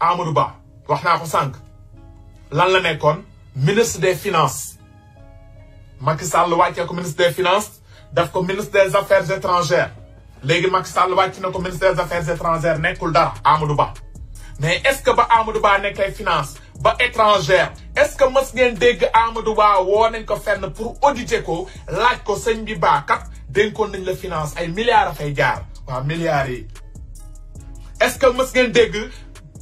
Amadou Ba wax naa ko sank. lan la nekkoon ministre des finances Macky Sall wàccee ko ministre des finances daf ko ministre des affaires étrangères Légui Macky Sall wàcc nako ministre des affaires étrangères nekul dara Amadou Ba mais est-ce que ba Amadou Ba nekkee finance ba étrangère est-ce que mës ngeen dégg Amadou Ba wo nañ ko fenn pour auditer ko laaj ko sëñ bi ba kat dénkoon nañ la finance ay milliards fay jaar wa milliards yi est-ce que mës ngeen dégg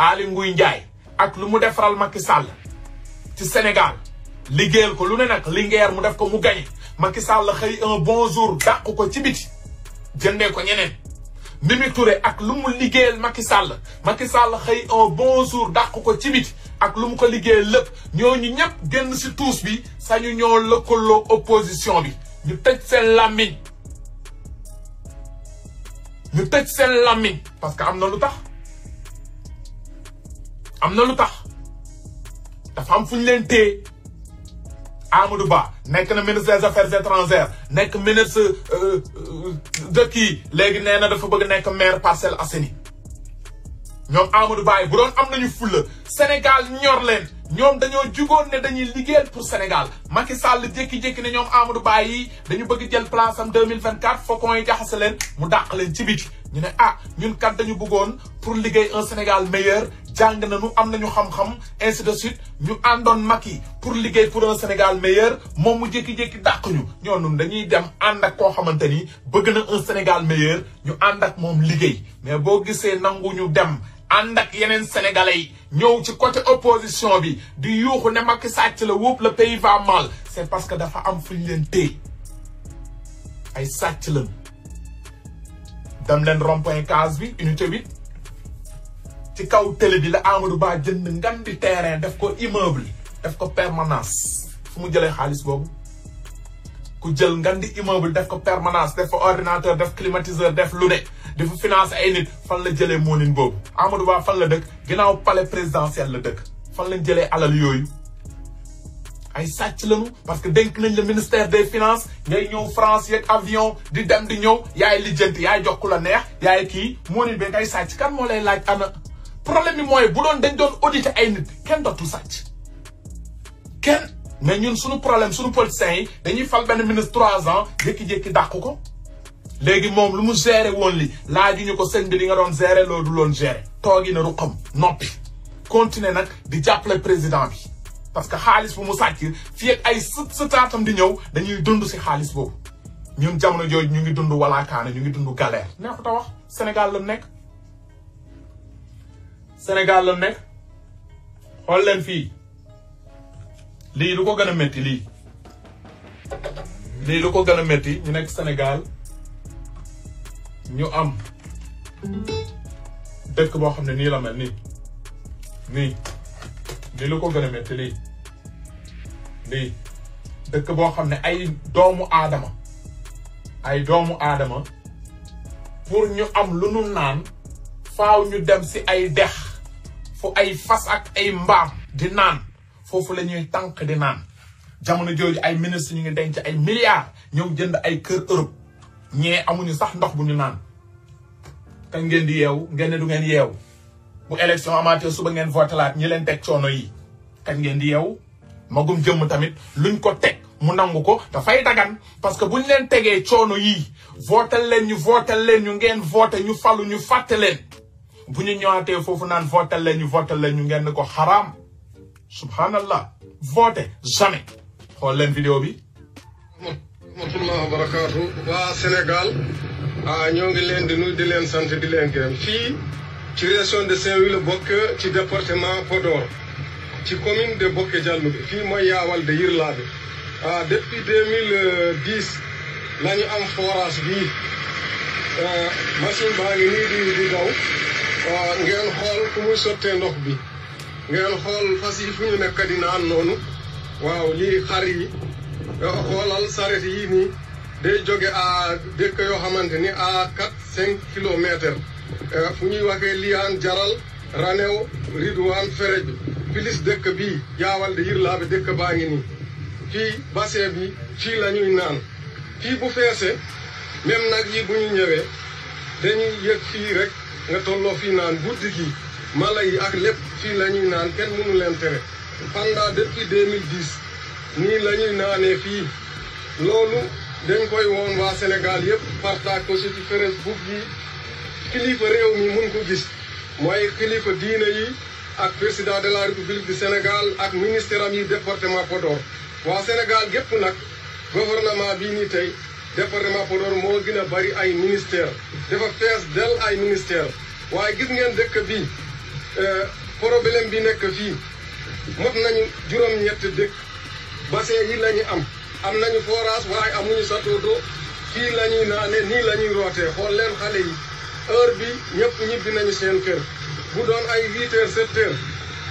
Aly Ngouille Ndiaye ak lu mu defaral Macky Sall ci Sénégal liggéeyal ko lu ne nag Linguère mu def ko mu gañe Macky Sall xëy un bon jour dàq ko ci biti jëndee ko ñeneen Mimi Touré ak lu mu liggéeyal Macky Sall Macky Sall xëy un bon jour dàq ko ci biti ak lu mu ko liggéeyal lépp ñu ñëpp génn si tuus bi sañu ñoo lëkkaloo opposition bi ñu tëj seen làmmiñ ñu tëj seen làmmiñ parce que am na lu tax amna lutax pas dafa am fu Amadou Ba na ministre des affaires étrangères nest ministre pas qui légui nee na dafa bëgg nek maire parcelle Amadou Ba bu doon Sénégal ñor len ñom dañu dañuy pour Sénégal Macky Sall ne Amadou Ba yi dañu bëgg jël place am 2024 faucons yi jaxase mu dàq len ci ñu ah ñun dañu pour un Sénégal meilleur jàng nañu am nañu xam-xam ainsi de suite ñu àndoon Macky pour liggéey pour un Sénégal meilleur moom mu jékki-jékki dàq ñu ñooñu dañuy dem ànd ak koo xamante ni bëgg na un Sénégal meilleur ñu ànd ak moom liggéey mais boo gisee nangu ñu dem ànd ak yeneen sénégalais yi ñëw ci côté opposition bi di yuuxu ne Macky sàcc la wóob le pays va mal c'est parce que dafa am fu ñu leen téye ay sàcc lañu dem leen rond-point case bi unité 8 ci kaw télé bi la Amadou Ba jënd ngan di terrain def ko immeuble def ko permanence fu mu jëlee xaalis boobu ku jël ngan di immeuble def ko permanence def fa ordinateur def climatiseur def lu ne di fa financé ay nit fan la jëlee moonin boobu Amadou Ba fan la dëkk ginnaaw palais présidentiel la dëkk fan lañ jëlee alal yooyu ay sàcc lañu parce que dénk nañ le ministère des finance ngay ñëw France yeeg avion di dem di ñëw yaay lijjanti yaay jox ku la neex yaay kii moonin ba ngay sàcc kan moo lay laaj ana problème bi mooy bu doon dañ doon auditer ay nit kenn dootul sàcc kenn mais ñun sunu problème suñu politiciens yi dañuy fal benn ministre trois ans jékki-jékki dàq ko léegi moom lu mu gérer woon li ñu ko sëñ bi li nga doon gérer loolu du loon gérer toogi na ruqam noppi continuer nag di jàppale président bi parce que xaalis bu mu sàcc fii ak ay sët sëtaatam di ñëw dañuy dund si xaalis boobu ñun jamono jooju ñu ngi dund walaakaane ñu ngi dund galère neexut a wax nekk Sénégal la nekk xool leen fii lii lu ko gën a métti lii lii lu ko gën a ñu nekk Sénégal ñu am dëkk boo xam ne nii la mel nii nii lii lu ko gën a lii lii dëkk boo xam ne ay doomu aadama ay doomu aadama pour ñu am lu nu naan faaw ñu dem si ay dex fu ay fas ak ay mbaam di naan foofu la ñuy tànk di naan jamono jooju ay ministre ñu ngi denc ay milliards ñëw jënd ay kër Europe ñee amuñu sax ndox bu ñu naan kañ ngeen di yeewu ngeen ne du ngeen yeewu bu élection amaatee suba ngeen votelaat ñi leen teg coono yi kañ ngeen di yeewu magum jëmm tamit luñ ko teg mu nangu ko dafay dagan parce que buñ leen tegee coono yi votel leen ñu votel leen ñu ngeen voté ñu falu ñu fàtte bu ñu ñëwaatee foofu naan voté la ñu voté la ñu ngeen ko xaraam subhanallah voté jamais xool leen vidéo bi rahmatullah wa barakaatu waa Sénégal a ñoo ngi leen di nuyu di leen sant di leen gërëm fii ci région de Saint-Louis la ci département Podor ci commune de Boké Diallo bi fii mooy yaawal de Yirlaabe ah depuis 2010 la ñu am forage bi machine baa ngi nii di di daw waaw ngeen xool fu muy sottee ndox bi ngeen xool fas fu ñu nekk di naan noonu waaw lii xar yi xoolal saret yi nii day joge à dëkk yoo xamante ni à quatre cinq kilomètres eh, fu ñuy waxee liyaan jaral ranew ridwaan ferej filis dëkk bii yaawalde yirlaaɓe dëkk baa ngi nii fii bassin bi fii la ñuy naan fii bu feese même nag yi bu ñu ñëwee dañuy yëg fii rek nga tolloo fii naan guddi gi mala yi ak lépp fii la ñuy naan kenn mënu leen tere pendant depuis 2010 nii la ñuy naanee fii loolu dañ koy won waa Sénégal yëpp partage ko ci Facebook yi kilifa réew mi mun ko gis mooy kilifa diine yi ak président de la république du ak ministère yi département Podor waa Sénégal gépp nag gouvernement bii nii tey département Podor moo gën bari ay ministère dafa fees del ay ministère waaye gis ngeen dëkk bi euh, problème bi nekk fii mot nañu juróom-ñett dëkk bassin yi la am am nañu forage waaye amuñu château d'eau fii la ñuy naane nii la ñuy rootee xool leen xale yi heure bi ñëpp ñibbi nañu seen kër bu doon ay huit heures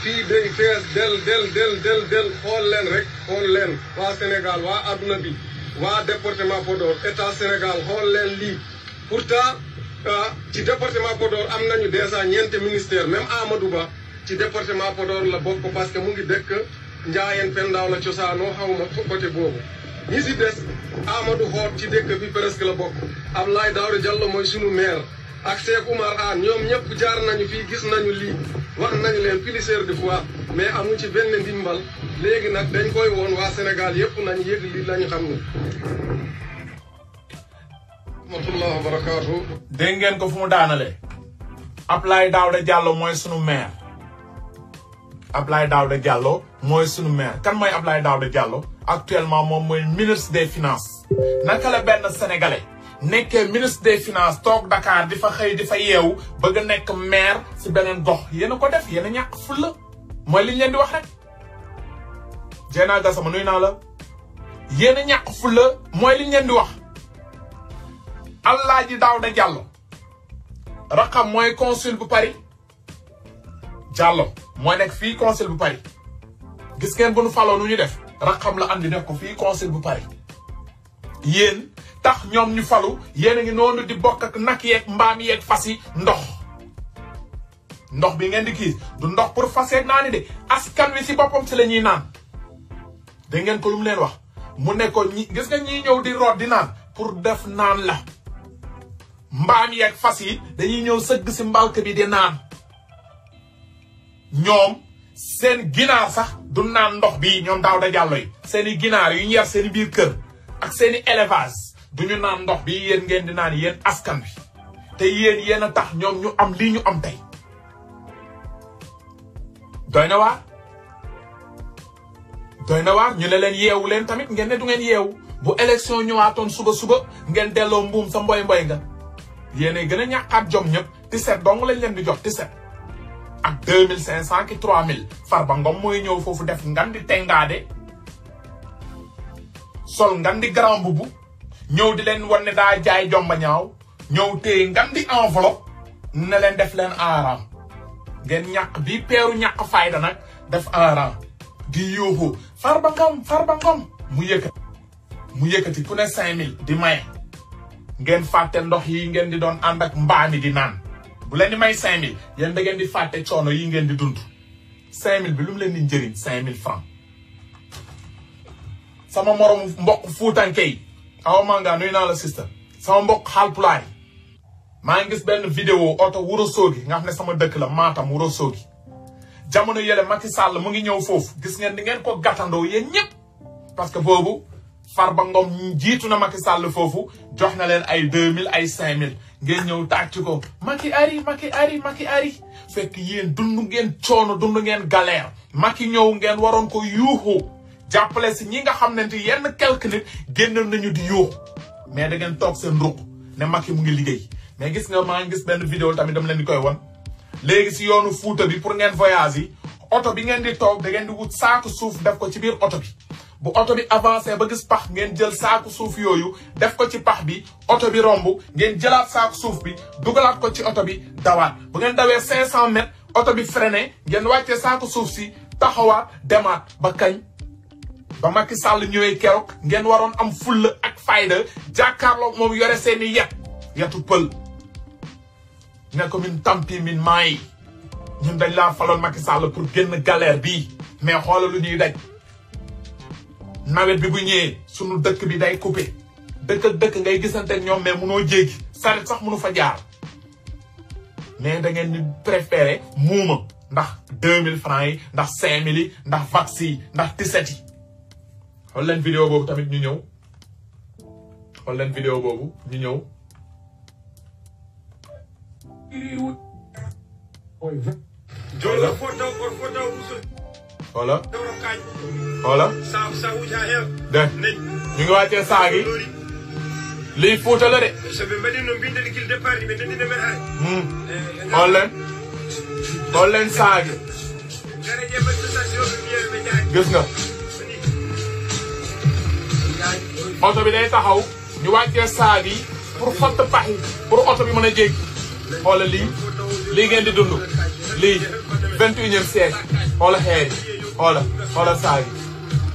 fii day fees del del del del del xool leen rek xool leen waa Sénégal waa adduna bi waa département Podor état Sénégal xool leen lii pour pourtant ah, ci département Podor am nañu déjà ñeente ministère même Amadou Ba ci département Podor la bokk parce que mu ngi dëkk Njaayeen Pendaaw la cosaanoo xaw ma côté boobu ñi si des Amadou Xoot ci dëkk bi presque la bokk Abdoulaye Daouda Diallo mooy sunu maire ak Cheikh Oumar Anne ñoom ñëpp jaar nañu fii gis nañu lii wax nañu leen plusieurs de fois mais amu ci benn ndimbal léegi nag dañ koy woon waa Sénégal yëpp nañ yëg lii xam rahmatullah wa barakaatu. dégg ngeen ko fu mu daanale Ablaye Daouda Diallo mooy sunu maire Ablaye Daouda Diallo mooy sunu maire kan mooy Ablaye Daouda jàlloo actuellement moom mooy ministre des finances naka la benn sénégalais nekkee ministre des finances toog Dakar di fa xëy di fa yeewu bëgg a nekk maire si beneen gox yéen a ko def yéen ñàkk ful mooy liñ leen di wax rek. Dieyna Gassama nuyu naa la yéen a ñàkk ful mooy li leen di wax. Allah Alaaji Daouda Diallo rakam moy consul bu Paris Diallo moy nek fi consul bu Paris gis ngeen bu nu falo nu ñu def rakam la andi def ko fi consul bu Paris Yen tax ñom ñu falu yéen ngi nonu di bok ak nak yek mbam yek fasi ndox ndox bi ngeen di kii du ndox pour fasé nani de askan wi ci bopom ci lañuy naan de ngeen ko lu mu leen wax mu ne ko gis nga ñi ñew di rod di naan pour def naan la mbaam yeeg fas yi dañuy ñëw sëgg si mbalk bi di naan ñoom seen ginaar sax du naan ndox bi ñoom daaw da jàllo seeni ginaar yu ñu yar seen biir kër ak seeni i élevage du ñu naan ndox bi yéen ngeen di naan yéen askan bi te yéen yéen a tax ñoom ñu am lii ñu am tey doy na waar doy na waar ñu ne leen yeewu leen tamit ngeen ne du ngeen yeewu bu ñu waatoon suba suba ngeen delloo mbuum sa mboy mboy nga yéenay gën a ñàkkaat jom ñëpp ti set dong lañ leen di jox ti set ak deux mille cinq cent ki Ngom mooy ñëw foofu def ngan di tengaade sol ngan di grand bubu ñëw di leen wan ne daa jaay jomba ñaaw ñëw téye ngan di enveloppe ne leen def leen en rang ngeen ñàkk bi peeru ñàkk fayda nag def en rang di yóoxoo Farba Ngom Farba Ngom mu yëkkati mu yëkkati ku ne cinq mille di maye ngeen fàtte ndox yi ngeen di doon ànd ak mbaami di naan bu leen di may 5000 yéen da ngeen di fàtte coono yi ngeen di dund 5000 bi lu mu leen di njëriñ 5000 francs sama morom mbokk fuutanke yi awa manga nuyu naa la sister sama mbokk xaalpulaay maa ngi gis benn vidéo oto Wuro Sogi nga xam ne sama dëkk la Matam Wuro Sogi jamono yële Macky Sall mu ngi ñëw foofu gis ngeen di ngeen ko gàttandoo yéen ñëpp parce que boobu far Farba Ngom jiitu na Macky Sall foofu jox na leen ay mille ay 5000 ngeen ñëw tàcc ko Macky ari Macky ari Macky ari fekk yéen dund ngeen coono dund ngeen galère Macky ñëw ngeen waroon ko yuuxu jàppale si ñi nga xam ne yenn quelque nit génn nañu di yuuxu mais da ngeen toog seen ruq ne Macky mu ngi liggéey mais gis nga maa ngi gis benn vidéo tamit dama leen di koy won léegi si yoonu Fuuta bi pour ngeen voyage yi oto bi di toog da di wut saako suuf def ko ci biir oto bi bu auto bi avancer ba gis pax ngeen jël saaku suuf yoyu def ko ci pax bi auto bi rombu ngeen jëlat saaku suuf bi dugalat ko ci auto bi dawat bu ngeen dawé 500 mètres auto bi freiner ngeen waccé saaku suuf ci taxawat demat ba kañ ba Macky Sall ñëwé kérok ngeen waron am full ak fayda jakarlo mom yoré seen yet yetu peul ne ko min tampi min may ñun dañ la falon Macky Sall pour génn galère bi mais xolalu ñuy daj nawet bi bu dëkk bi day dëkk dëkk ngay mais munoo jéggi sax mënu fa jaar da ngeen ndax deux francs yi ndax cinq yi ndax vax ndax 17 yi xool vidéo boobu tamit ñu ñëw xool vidéo boobu ñu ñëw voilà xoola dégg ñu ngi wàccee saag yi lii Fuuta la de. Hmm. xool leen xool leen saag yi nga oto bi day taxaw ñu wàccee saag yi pour fatt pax yi oto bi mën a jéggi xoola lii lii ngeen di lii vingt et unième siècle xoola xeer yi xoola xoola yi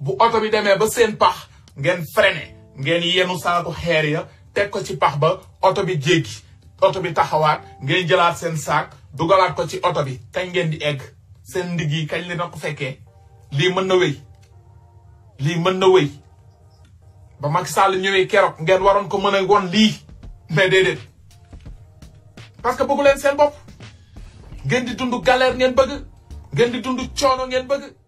bu auto bi démé ba seen pax ngeen freiné ngeen yenu saaku xeer ya teg ko ci pax ba auto bi djéggi auto bi taxawat ngeen jëlat seen sac dugalat ko ci auto bi kañ ngeen di egg sen ndigi kañ li nako fekkee li mën na wéy li mën na wéy ba mak Sall ñëwé kérok ngeen waron ko mëna gon li mais parce que bëggu seen di dundu galère ngeen bëgg ngeen di dundu choono ngeen bëgg